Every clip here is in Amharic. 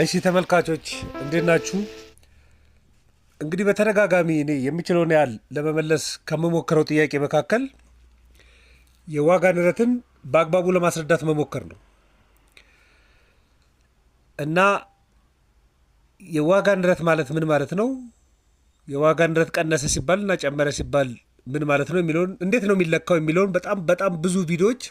እሺ ተመልካቾች እንዴት ናችሁ? እንግዲህ በተደጋጋሚ እኔ የምችለውን ያህል ለመመለስ ከምሞክረው ጥያቄ መካከል የዋጋ ንረትን በአግባቡ ለማስረዳት መሞከር ነው እና የዋጋ ንረት ማለት ምን ማለት ነው? የዋጋ ንረት ቀነሰ ሲባል እና ጨመረ ሲባል ምን ማለት ነው የሚለውን እንዴት ነው የሚለካው የሚለውን በጣም በጣም ብዙ ቪዲዮዎች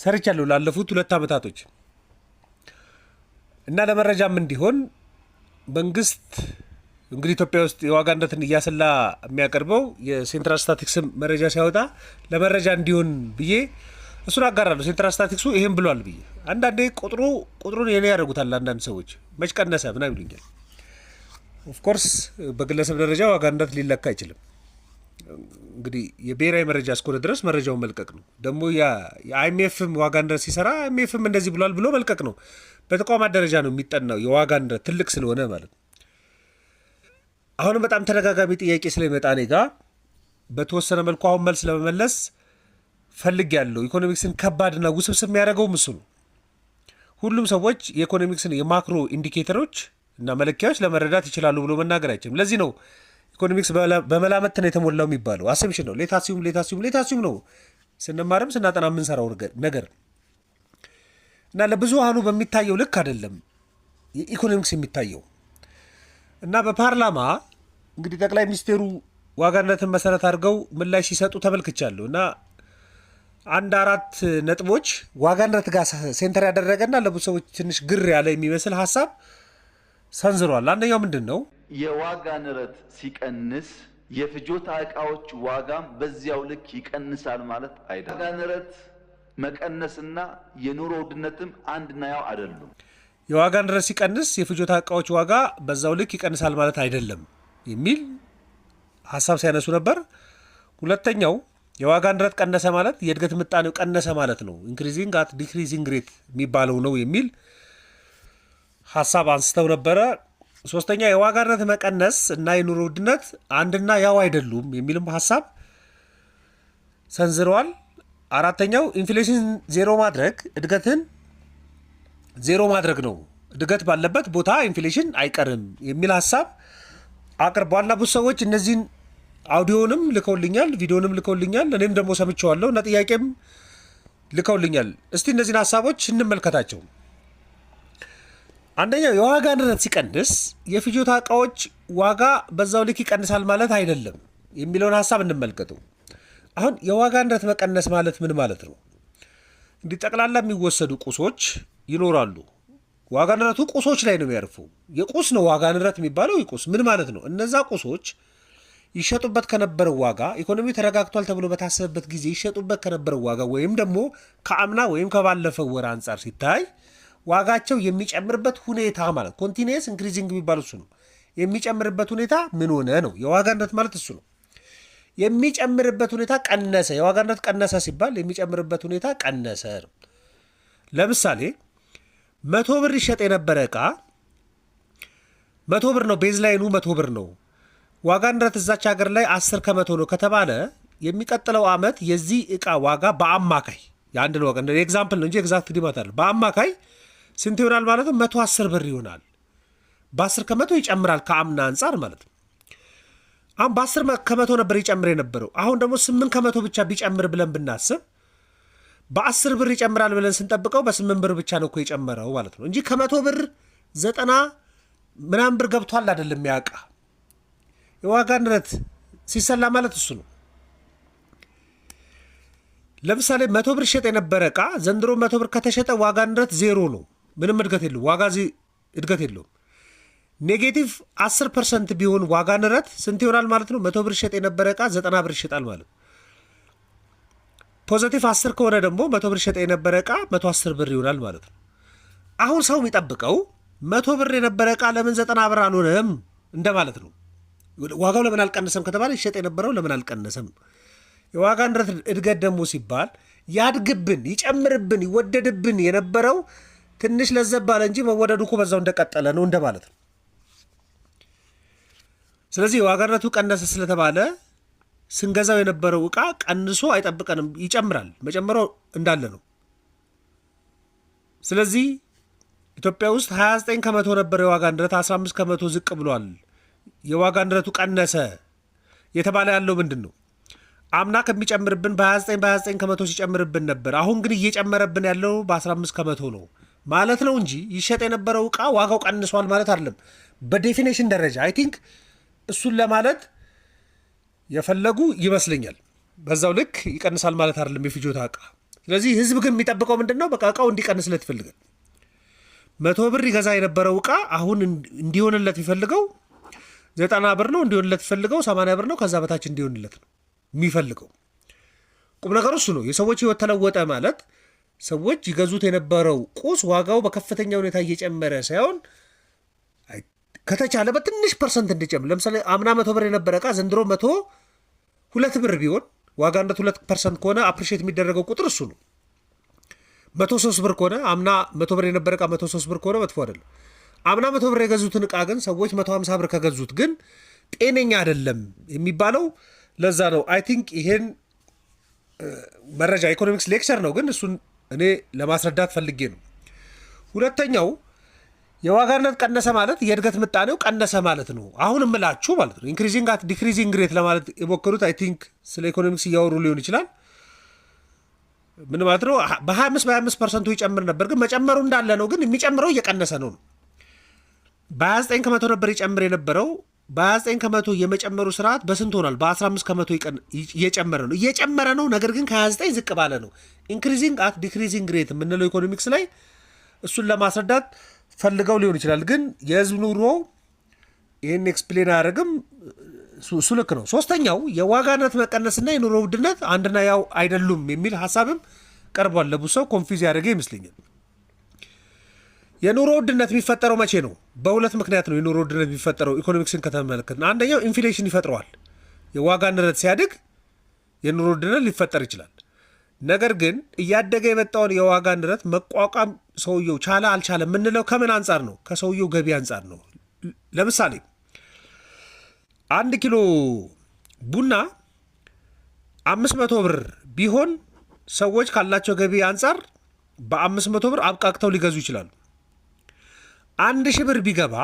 ሰርቻለሁ ላለፉት ሁለት ዓመታቶች እና ለመረጃም እንዲሆን መንግስት እንግዲህ ኢትዮጵያ ውስጥ የዋጋ ንረትን እያሰላ የሚያቀርበው የሴንትራል ስታቲክስም መረጃ ሲያወጣ ለመረጃ እንዲሆን ብዬ እሱን አጋራለሁ። ሴንትራል ስታቲክሱ ይህም ብሏል ብዬ አንዳንዴ ቁጥሩ ቁጥሩን የኔ ያደርጉታል አንዳንድ ሰዎች መች ቀነሰ ምናምን ይሉኛል። ኦፍኮርስ በግለሰብ ደረጃ ዋጋ ንረት ሊለካ አይችልም። እንግዲህ የብሔራዊ መረጃ እስከሆነ ድረስ መረጃውን መልቀቅ ነው። ደግሞ የአይምኤፍም ዋጋ ንረት ሲሰራ አይምኤፍም እንደዚህ ብሏል ብሎ መልቀቅ ነው። በተቋማት ደረጃ ነው የሚጠናው የዋጋ ንረት ትልቅ ስለሆነ ማለት ነው። አሁንም በጣም ተደጋጋሚ ጥያቄ ስለሚመጣ እኔ ጋ በተወሰነ መልኩ አሁን መልስ ለመመለስ ፈልግ ያለው ኢኮኖሚክስን ከባድና ውስብስብ የሚያደርገው ምስ ነው። ሁሉም ሰዎች የኢኮኖሚክስን የማክሮ ኢንዲኬተሮች እና መለኪያዎች ለመረዳት ይችላሉ ብሎ መናገር አይችልም። ለዚህ ነው ኢኮኖሚክስ በመላመት ነው የተሞላው የሚባለው አሰምሽን ነው። ሌታሲዩም ሌታሲዩም ሌታሲዩም ነው ስንማርም ስናጠና የምንሰራው ነገር እና ለብዙሃኑ በሚታየው ልክ አይደለም የኢኮኖሚክስ የሚታየው እና በፓርላማ እንግዲህ ጠቅላይ ሚኒስትሩ ዋጋነትን መሰረት አድርገው ምላሽ ሲሰጡ ተመልክቻለሁ እና አንድ አራት ነጥቦች ዋጋነት ጋር ሴንተር ያደረገና ለብዙ ሰዎች ትንሽ ግር ያለ የሚመስል ሀሳብ ሰንዝሯል። አንደኛው ምንድን ነው የዋጋ ንረት ሲቀንስ የፍጆታ እቃዎች ዋጋም በዚያው ልክ ይቀንሳል ማለት አይደለም። ዋጋ ንረት መቀነስና የኑሮ ውድነትም አንድና ያው አይደሉም። የዋጋ ንረት ሲቀንስ የፍጆታ እቃዎች ዋጋ በዛው ልክ ይቀንሳል ማለት አይደለም የሚል ሀሳብ ሲያነሱ ነበር። ሁለተኛው የዋጋ ንረት ቀነሰ ማለት የእድገት ምጣኔው ቀነሰ ማለት ነው፣ ኢንክሪዚንግ አት ዲክሪዚንግ ሬት የሚባለው ነው የሚል ሀሳብ አንስተው ነበረ። ሶስተኛ የዋጋ ንረት መቀነስ እና የኑሮ ውድነት አንድና ያው አይደሉም የሚልም ሀሳብ ሰንዝረዋል። አራተኛው ኢንፍሌሽን ዜሮ ማድረግ እድገትን ዜሮ ማድረግ ነው። እድገት ባለበት ቦታ ኢንፍሌሽን አይቀርም የሚል ሀሳብ አቅርቧልና ብዙ ሰዎች እነዚህን አውዲዮንም ልከውልኛል፣ ቪዲዮንም ልከውልኛል፣ እኔም ደግሞ ሰምቸዋለሁ እና ጥያቄም ልከውልኛል። እስቲ እነዚህን ሀሳቦች እንመልከታቸው። አንደኛው የዋጋ ንረት ሲቀንስ የፍጆታ እቃዎች ዋጋ በዛው ልክ ይቀንሳል ማለት አይደለም የሚለውን ሀሳብ እንመልከቱ። አሁን የዋጋ ንረት መቀነስ ማለት ምን ማለት ነው? እንዲህ ጠቅላላ የሚወሰዱ ቁሶች ይኖራሉ። ዋጋ ንረቱ ቁሶች ላይ ነው የሚያርፉ። የቁስ ነው ዋጋ ንረት የሚባለው የቁስ ምን ማለት ነው? እነዛ ቁሶች ይሸጡበት ከነበረው ዋጋ ኢኮኖሚው ተረጋግቷል ተብሎ በታሰበበት ጊዜ ይሸጡበት ከነበረው ዋጋ ወይም ደግሞ ከአምና ወይም ከባለፈው ወር አንጻር ሲታይ ዋጋቸው የሚጨምርበት ሁኔታ ማለት ኮንቲኒየስ ኢንክሪዚንግ የሚባል እሱ ነው። የሚጨምርበት ሁኔታ ምን ሆነ ነው። የዋጋ ንረት ማለት እሱ ነው። የሚጨምርበት ሁኔታ ቀነሰ። የዋጋ ንረት ቀነሰ ሲባል የሚጨምርበት ሁኔታ ቀነሰ ነው። ለምሳሌ መቶ ብር ይሸጥ የነበረ እቃ መቶ ብር ነው፣ ቤዝላይኑ መቶ ብር ነው። ዋጋ ንረት እዛች ሀገር ላይ አስር ከመቶ ነው ከተባለ የሚቀጥለው ዓመት የዚህ እቃ ዋጋ በአማካይ የአንድን ዋጋ ኤግዛምፕል ነው እንጂ ኤግዛክት ዲማት አለ በአማካይ ስንት ይሆናል ማለት ነው? መቶ አስር ብር ይሆናል። በአስር ከመቶ ይጨምራል ከአምና አንጻር ማለት ነው። አሁን በአስር ከመቶ ነበር ይጨምር የነበረው። አሁን ደግሞ ስምንት ከመቶ ብቻ ቢጨምር ብለን ብናስብ በአስር ብር ይጨምራል ብለን ስንጠብቀው በስምንት ብር ብቻ ነው እኮ የጨመረው ማለት ነው እንጂ ከመቶ ብር ዘጠና ምናምን ብር ገብቷል አይደለም። ያቃ የዋጋ ንረት ሲሰላ ማለት እሱ ነው። ለምሳሌ መቶ ብር ሸጥ የነበረ ዕቃ ዘንድሮ መቶ ብር ከተሸጠ ዋጋ ንረት ዜሮ ነው። ምንም እድገት የለውም። ዋጋ እዚህ እድገት የለውም። ኔጌቲቭ 10 ፐርሰንት ቢሆን ዋጋ ንረት ስንት ይሆናል ማለት ነው? መቶ ብር ይሸጥ የነበረ እቃ ዘጠና ብር ይሸጣል ማለት ነው። ፖዘቲቭ 10 ከሆነ ደግሞ መቶ ብር ይሸጥ የነበረ እቃ መቶ 10 ብር ይሆናል ማለት ነው። አሁን ሰው የሚጠብቀው መቶ ብር የነበረ እቃ ለምን ዘጠና ብር አልሆነም እንደማለት ነው። ዋጋው ለምን አልቀነሰም ከተባለ ይሸጥ የነበረው ለምን አልቀነሰም። የዋጋ ንረት እድገት ደግሞ ሲባል ያድግብን፣ ይጨምርብን፣ ይወደድብን የነበረው ትንሽ ለዘብ እንጂ መወደዱ እኮ በዛው እንደቀጠለ ነው እንደማለት ነው። ስለዚህ የዋጋ ንረቱ ቀነሰ ስለተባለ ስንገዛው የነበረው እቃ ቀንሶ አይጠብቀንም፣ ይጨምራል። መጨመሩ እንዳለ ነው። ስለዚህ ኢትዮጵያ ውስጥ 29 ከመቶ ነበር የዋጋ ንረት፣ 15 ከመቶ ዝቅ ብሏል። የዋጋ ንረቱ ቀነሰ የተባለ ያለው ምንድን ነው? አምና ከሚጨምርብን በ29 በ29 ከመቶ ሲጨምርብን ነበር። አሁን ግን እየጨመረብን ያለው በ15 ከመቶ ነው። ማለት ነው እንጂ ይሸጥ የነበረው እቃ ዋጋው ቀንሷል ማለት አይደለም። በዴፊኔሽን ደረጃ አይ ቲንክ እሱን ለማለት የፈለጉ ይመስለኛል። በዛው ልክ ይቀንሳል ማለት አይደለም የፍጆታ እቃ። ስለዚህ ህዝብ ግን የሚጠብቀው ምንድን ነው? በቃ እቃው እንዲቀንስለት ይፈልጋል። መቶ ብር ይገዛ የነበረው እቃ አሁን እንዲሆንለት የሚፈልገው ዘጠና ብር ነው እንዲሆንለት ይፈልገው ሰማንያ ብር ነው ከዛ በታች እንዲሆንለት ነው የሚፈልገው። ቁም ነገር እሱ ነው። የሰዎች ህይወት ተለወጠ ማለት ሰዎች ይገዙት የነበረው ቁስ ዋጋው በከፍተኛ ሁኔታ እየጨመረ ሳይሆን ከተቻለ በትንሽ ፐርሰንት እንዲጨምር ለምሳሌ አምና መቶ ብር የነበረ እቃ ዘንድሮ መቶ ሁለት ብር ቢሆን ዋጋ ሁለት ፐርሰንት ከሆነ አፕሪሼት የሚደረገው ቁጥር እሱ ነው። መቶ ሶስት ብር ከሆነ አምና መቶ ብር የነበረ ዕቃ መቶ ሶስት ብር ከሆነ መጥፎ አይደለም። አምና መቶ ብር የገዙትን ዕቃ ግን ሰዎች መቶ ሀምሳ ብር ከገዙት ግን ጤነኛ አይደለም የሚባለው ለዛ ነው። አይ ቲንክ ይሄን መረጃ ኢኮኖሚክስ ሌክቸር ነው ግን እሱን እኔ ለማስረዳት ፈልጌ ነው። ሁለተኛው የዋጋ ንረት ቀነሰ ማለት የእድገት ምጣኔው ቀነሰ ማለት ነው። አሁን እምላችሁ ማለት ነው ኢንክሪዚንግ አት ዲክሪዚንግ ሬት ለማለት የሞከሩት አይ ቲንክ ስለ ኢኮኖሚክስ እያወሩ ሊሆን ይችላል። ምን ማለት ነው? በ25 በ25 ፐርሰንቱ ይጨምር ነበር፣ ግን መጨመሩ እንዳለ ነው፣ ግን የሚጨምረው እየቀነሰ ነው ነው በ29 ከመቶ ነበር ይጨምር የነበረው በ29 ከመቶ የመጨመሩ ስርዓት በስንት ሆኗል? በ15 ከመቶ እየጨመረ ነው እየጨመረ ነው። ነገር ግን ከ29 ዝቅ ባለ ነው። ኢንክሪዚንግ አት ዲክሪዚንግ ሬት የምንለው ኢኮኖሚክስ ላይ እሱን ለማስረዳት ፈልገው ሊሆን ይችላል። ግን የህዝብ ኑሮ ይህን ኤክስፕሌን አያደርግም። እሱ ልክ ነው። ሶስተኛው የዋጋ ንረት መቀነስና የኑሮ ውድነት አንድና ያው አይደሉም የሚል ሀሳብም ቀርቧል። ለብዙ ሰው ኮንፊዝ ያደረገ ይመስለኛል። የኑሮ ውድነት የሚፈጠረው መቼ ነው? በሁለት ምክንያት ነው የኑሮ ውድነት የሚፈጠረው ኢኮኖሚክስን ከተመለከትን። አንደኛው ኢንፍሌሽን ይፈጥረዋል። የዋጋ ንረት ሲያድግ የኑሮ ውድነት ሊፈጠር ይችላል። ነገር ግን እያደገ የመጣውን የዋጋ ንረት መቋቋም ሰውየው ቻለ አልቻለ የምንለው ከምን አንጻር ነው? ከሰውየው ገቢ አንጻር ነው። ለምሳሌ አንድ ኪሎ ቡና አምስት መቶ ብር ቢሆን ሰዎች ካላቸው ገቢ አንጻር በአምስት መቶ ብር አብቃቅተው ሊገዙ ይችላሉ። አንድ ሺህ ብር ቢገባ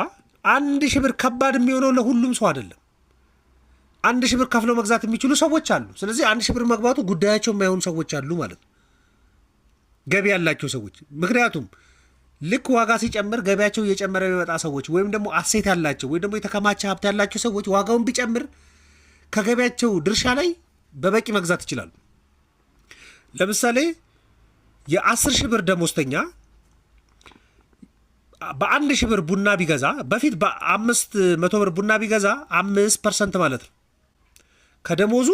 አንድ ሺህ ብር ከባድ የሚሆነው ለሁሉም ሰው አይደለም። አንድ ሺህ ብር ከፍለው መግዛት የሚችሉ ሰዎች አሉ። ስለዚህ አንድ ሺህ ብር መግባቱ ጉዳያቸው የማይሆኑ ሰዎች አሉ ማለት ነው፣ ገቢ ያላቸው ሰዎች። ምክንያቱም ልክ ዋጋ ሲጨምር ገቢያቸው እየጨመረ የሚመጣ ሰዎች ወይም ደግሞ አሴት ያላቸው ወይም ደግሞ የተከማቸ ሀብት ያላቸው ሰዎች ዋጋውን ቢጨምር ከገቢያቸው ድርሻ ላይ በበቂ መግዛት ይችላሉ። ለምሳሌ የአስር ሺህ ብር ደሞዝተኛ በአንድ ሺህ ብር ቡና ቢገዛ በፊት በአምስት መቶ ብር ቡና ቢገዛ አምስት ፐርሰንት ማለት ነው ከደሞዙ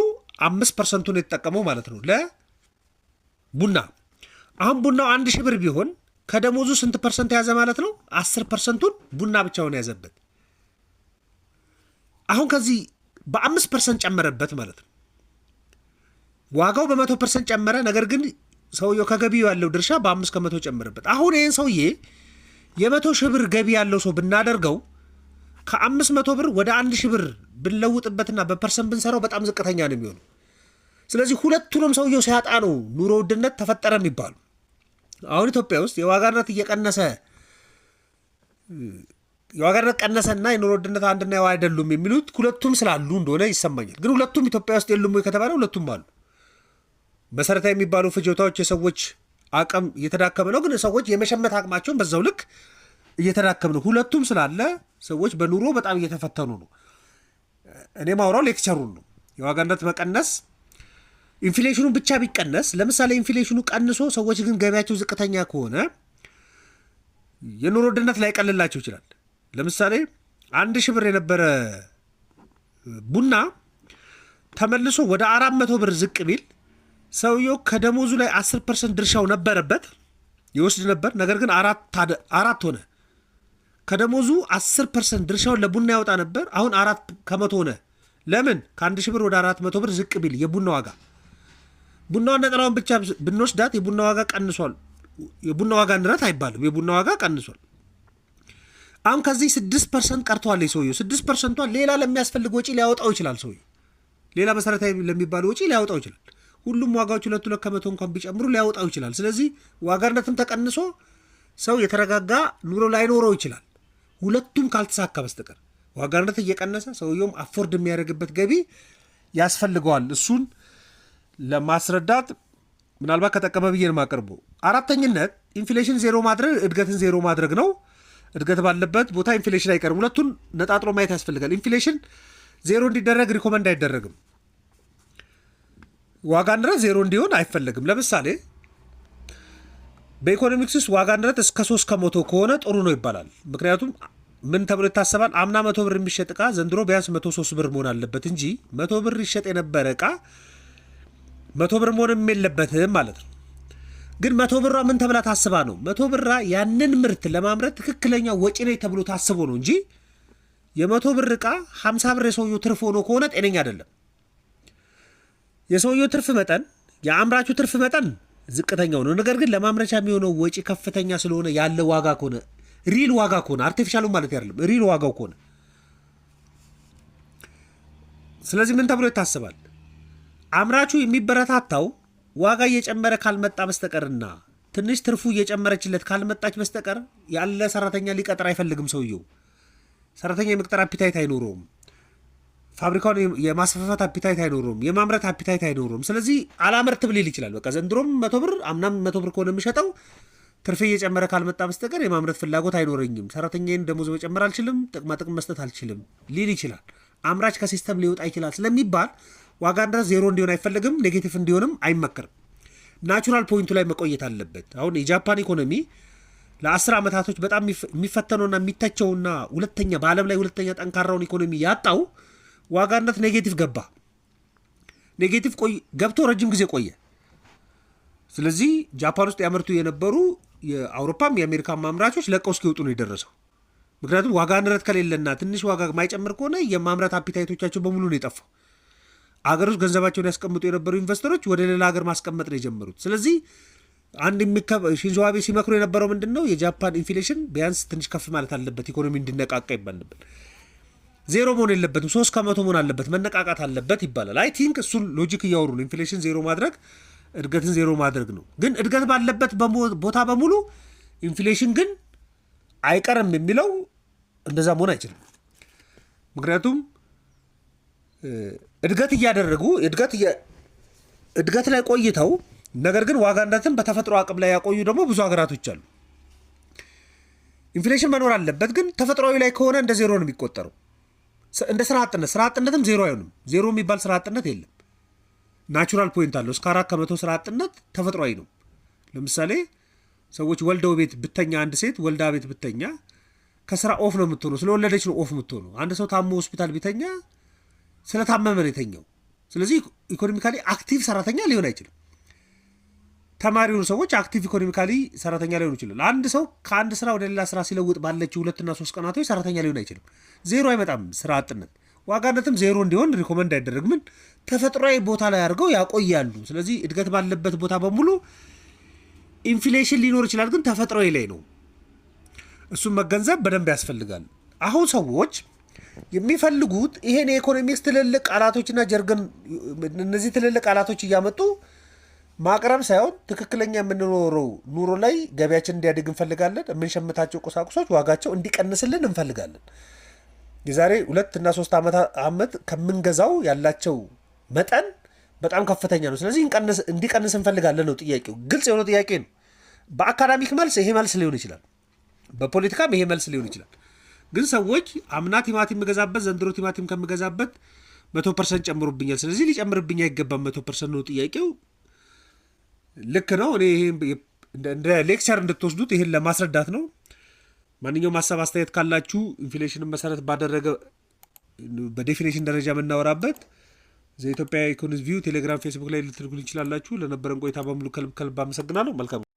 አምስት ፐርሰንቱን የተጠቀመው ማለት ነው ለቡና አሁን ቡናው አንድ ሺህ ብር ቢሆን ከደሞዙ ስንት ፐርሰንት የያዘ ማለት ነው አስር ፐርሰንቱን ቡና ብቻውን የያዘበት አሁን ከዚህ በአምስት ፐርሰንት ጨመረበት ማለት ነው ዋጋው በመቶ ፐርሰንት ጨመረ ነገር ግን ሰውየው ከገቢው ያለው ድርሻ በአምስት ከመቶ ጨመረበት አሁን ይህን ሰውዬ የመቶ ሺህ ብር ገቢ ያለው ሰው ብናደርገው ከአምስት መቶ ብር ወደ አንድ ሺህ ብር ብንለውጥበትና በፐርሰንት ብንሰራው በጣም ዝቅተኛ ነው የሚሆኑ። ስለዚህ ሁለቱንም ሰውየው ሲያጣ ነው ኑሮ ውድነት ተፈጠረ የሚባሉ። አሁን ኢትዮጵያ ውስጥ የዋጋ ንረት እየቀነሰ የዋጋ ንረት ቀነሰና የኑሮ ውድነት አንድና የዋ አይደሉም የሚሉት ሁለቱም ስላሉ እንደሆነ ይሰማኛል። ግን ሁለቱም ኢትዮጵያ ውስጥ የሉም ከተባለ ሁለቱም አሉ። መሰረታዊ የሚባሉ ፍጆታዎች የሰዎች አቅም እየተዳከመ ነው። ግን ሰዎች የመሸመት አቅማቸውን በዛው ልክ እየተዳከመ ነው። ሁለቱም ስላለ ሰዎች በኑሮ በጣም እየተፈተኑ ነው። እኔ ማውራው ሌክቸሩን ነው። የዋጋ ንረት መቀነስ ኢንፍሌሽኑ ብቻ ቢቀነስ፣ ለምሳሌ ኢንፍሌሽኑ ቀንሶ ሰዎች ግን ገቢያቸው ዝቅተኛ ከሆነ የኑሮ ውድነት ላይቀልላቸው ይችላል። ለምሳሌ አንድ ሺህ ብር የነበረ ቡና ተመልሶ ወደ አራት መቶ ብር ዝቅ ቢል ሰውየው ከደሞዙ ላይ 10 ፐርሰንት ድርሻው ነበረበት ይወስድ ነበር። ነገር ግን አራት ሆነ። ከደሞዙ 10 ፐርሰንት ድርሻውን ለቡና ያወጣ ነበር። አሁን አራት ከመቶ ሆነ። ለምን? ከአንድ ሺህ ብር ወደ አራት መቶ ብር ዝቅ ቢል የቡና ዋጋ ቡናዋን ነጠላውን ብቻ ብንወስዳት የቡና ዋጋ ቀንሷል። የቡና ዋጋ ንረት አይባልም። የቡና ዋጋ ቀንሷል። አሁን ከዚህ ስድስት ፐርሰንት ቀርተዋል። ሰውየው ስድስት ፐርሰንቷን ሌላ ለሚያስፈልግ ወጪ ሊያወጣው ይችላል። ሰውየው ሌላ መሰረታዊ ለሚባል ወጪ ሊያወጣው ይችላል። ሁሉም ዋጋዎች ሁለት ሁለት ከመቶ እንኳን ቢጨምሩ ሊያወጣው ይችላል። ስለዚህ ዋጋ ንረትም ተቀንሶ ሰው የተረጋጋ ኑሮ ላይኖረው ይችላል። ሁለቱም ካልተሳካ በስተቀር ዋጋ ንረት እየቀነሰ ሰውየውም አፎርድ የሚያደርግበት ገቢ ያስፈልገዋል። እሱን ለማስረዳት ምናልባት ከጠቀመ ብዬ ነው የማቀርበው። አራተኝነት ኢንፍሌሽን ዜሮ ማድረግ እድገትን ዜሮ ማድረግ ነው። እድገት ባለበት ቦታ ኢንፍሌሽን አይቀርም። ሁለቱን ነጣጥሎ ማየት ያስፈልጋል። ኢንፍሌሽን ዜሮ እንዲደረግ ሪኮመንድ አይደረግም። ዋጋ ንረት ዜሮ እንዲሆን አይፈለግም። ለምሳሌ በኢኮኖሚክስ ውስጥ ዋጋ ንረት እስከ ሶስት ከመቶ ከሆነ ጥሩ ነው ይባላል። ምክንያቱም ምን ተብሎ ይታሰባል? አምና መቶ ብር የሚሸጥ እቃ ዘንድሮ ቢያንስ መቶ ሶስት ብር መሆን አለበት እንጂ መቶ ብር ይሸጥ የነበረ እቃ መቶ ብር መሆንም የለበትም ማለት ነው። ግን መቶ ብሯ ምን ተብላ ታስባ ነው? መቶ ብራ ያንን ምርት ለማምረት ትክክለኛ ወጪ ነኝ ተብሎ ታስቦ ነው እንጂ የመቶ ብር እቃ ሀምሳ ብር የሰውየው ትርፍ ሆኖ ከሆነ ጤነኛ አይደለም። የሰውየው ትርፍ መጠን የአምራቹ ትርፍ መጠን ዝቅተኛው ነው። ነገር ግን ለማምረቻ የሚሆነው ወጪ ከፍተኛ ስለሆነ ያለ ዋጋ ከሆነ ሪል ዋጋ ከሆነ አርቲፊሻሉ ማለት አይደለም፣ ሪል ዋጋው ከሆነ ስለዚህ ምን ተብሎ ይታሰባል? አምራቹ የሚበረታታው ዋጋ እየጨመረ ካልመጣ በስተቀርና ትንሽ ትርፉ እየጨመረችለት ካልመጣች በስተቀር ያለ ሰራተኛ ሊቀጥር አይፈልግም። ሰውየው ሰራተኛ የመቅጠር አፒታይት አይኖረውም። ፋብሪካውን የማስፋፋት አፒታይት አይኖሩም፣ የማምረት አፒታይት አይኖሩም። ስለዚህ አላመርትም ሊል ይችላል። በቃ ዘንድሮም መቶ ብር አምናም መቶ ብር ከሆነ የሚሸጠው ትርፌ እየጨመረ ካልመጣ በስተቀር የማምረት ፍላጎት አይኖረኝም፣ ሰራተኛዬን ደሞዝ መጨመር አልችልም፣ ጥቅማጥቅም መስጠት አልችልም ሊል ይችላል። አምራች ከሲስተም ሊወጣ ይችላል ስለሚባል ዋጋ ድረስ ዜሮ እንዲሆን አይፈለግም፣ ኔጌቲቭ እንዲሆንም አይመከርም። ናቹራል ፖይንቱ ላይ መቆየት አለበት። አሁን የጃፓን ኢኮኖሚ ለአስር ዓመታቶች በጣም የሚፈተነውና የሚተቸውና ሁለተኛ በዓለም ላይ ሁለተኛ ጠንካራውን ኢኮኖሚ ያጣው ዋጋነት ኔጌቲቭ ገባ። ኔጌቲቭ ገብቶ ረጅም ጊዜ ቆየ። ስለዚህ ጃፓን ውስጥ ያመርቱ የነበሩ የአውሮፓም የአሜሪካም ማምራቾች ለቀው እስኪወጡ ነው የደረሰው። ምክንያቱም ዋጋ ንረት ከሌለና ትንሽ ዋጋ ማይጨምር ከሆነ የማምረት አፒታይቶቻቸው በሙሉ ነው የጠፋው። አገር ውስጥ ገንዘባቸውን ያስቀምጡ የነበሩ ኢንቨስተሮች ወደ ሌላ ሀገር ማስቀመጥ ነው የጀመሩት። ስለዚህ አንድ ሺንዞ አቤ ሲመክሩ የነበረው ምንድን ነው? የጃፓን ኢንፍሌሽን ቢያንስ ትንሽ ከፍ ማለት አለበት፣ ኢኮኖሚ እንዲነቃቃ ይባል ነበር። ዜሮ መሆን የለበትም፣ ሶስት ከመቶ መሆን አለበት፣ መነቃቃት አለበት ይባላል። አይ ቲንክ እሱን ሎጂክ እያወሩ ነው። ኢንፍሌሽን ዜሮ ማድረግ እድገትን ዜሮ ማድረግ ነው። ግን እድገት ባለበት ቦታ በሙሉ ኢንፍሌሽን ግን አይቀርም የሚለው እንደዛ መሆን አይችልም። ምክንያቱም እድገት እያደረጉ እድገት ላይ ቆይተው ነገር ግን ዋጋ ንረትን በተፈጥሮ አቅም ላይ ያቆዩ ደግሞ ብዙ ሀገራቶች አሉ። ኢንፍሌሽን መኖር አለበት፣ ግን ተፈጥሯዊ ላይ ከሆነ እንደ ዜሮ ነው የሚቆጠረው። እንደ ስራ አጥነት ስራ አጥነትም ዜሮ አይሆንም። ዜሮ የሚባል ስራ አጥነት የለም። ናቹራል ፖይንት አለው። እስከ አራት ከመቶ ስራ አጥነት ተፈጥሯዊ ነው። ለምሳሌ ሰዎች ወልደው ቤት ብተኛ፣ አንድ ሴት ወልዳ ቤት ብተኛ ከስራ ኦፍ ነው የምትሆነው። ስለወለደች ነው ኦፍ የምትሆነው። አንድ ሰው ታሞ ሆስፒታል ቢተኛ ስለታመመ ነው የተኛው። ስለዚህ ኢኮኖሚካሊ አክቲቭ ሰራተኛ ሊሆን አይችልም። ተማሪ የሆኑ ሰዎች አክቲቭ ኢኮኖሚካሊ ሰራተኛ ሊሆኑ ይችላል። አንድ ሰው ከአንድ ስራ ወደ ሌላ ስራ ሲለውጥ ባለችው ሁለትና ሶስት ቀናቶች ሰራተኛ ሊሆን አይችልም። ዜሮ አይመጣም። ስራ አጥነት ዋጋነትም ዜሮ እንዲሆን ሪኮመንድ አይደረግም። ተፈጥሯዊ ቦታ ላይ አድርገው ያቆያሉ። ስለዚህ እድገት ባለበት ቦታ በሙሉ ኢንፍሌሽን ሊኖር ይችላል፣ ግን ተፈጥሯዊ ላይ ነው። እሱን መገንዘብ በደንብ ያስፈልጋል። አሁን ሰዎች የሚፈልጉት ይሄን የኢኮኖሚክስ ትልልቅ ቃላቶችና ጀርገን እነዚህ ትልልቅ ቃላቶች እያመጡ ማቅረብ ሳይሆን ትክክለኛ የምንኖረው ኑሮ ላይ ገቢያችን እንዲያድግ እንፈልጋለን። የምንሸምታቸው ቁሳቁሶች ዋጋቸው እንዲቀንስልን እንፈልጋለን። የዛሬ ሁለት እና ሶስት ዓመት ከምንገዛው ያላቸው መጠን በጣም ከፍተኛ ነው። ስለዚህ እንዲቀንስ እንፈልጋለን ነው ጥያቄው። ግልጽ የሆነ ጥያቄ ነው። በአካዳሚክ መልስ ይሄ መልስ ሊሆን ይችላል፣ በፖለቲካም ይሄ መልስ ሊሆን ይችላል። ግን ሰዎች አምና ቲማቲም የምገዛበት ዘንድሮ ቲማቲም ከምገዛበት መቶ ፐርሰንት ጨምሮብኛል፣ ስለዚህ ሊጨምርብኝ አይገባም መቶ ፐርሰንት ነው ጥያቄው። ልክ ነው። እኔ እንደ ሌክቸር እንድትወስዱት ይሄን ለማስረዳት ነው። ማንኛውም ሀሳብ አስተያየት ካላችሁ ኢንፍሌሽንን መሰረት ባደረገ በዴፊኔሽን ደረጃ የምናወራበት ዘኢትዮጵያ ኢኮኖሚስት ቪው ቴሌግራም፣ ፌስቡክ ላይ ልትልኩን ይችላላችሁ። ለነበረን ቆይታ በሙሉ ከልብ ከልብ አመሰግናለሁ። መልካም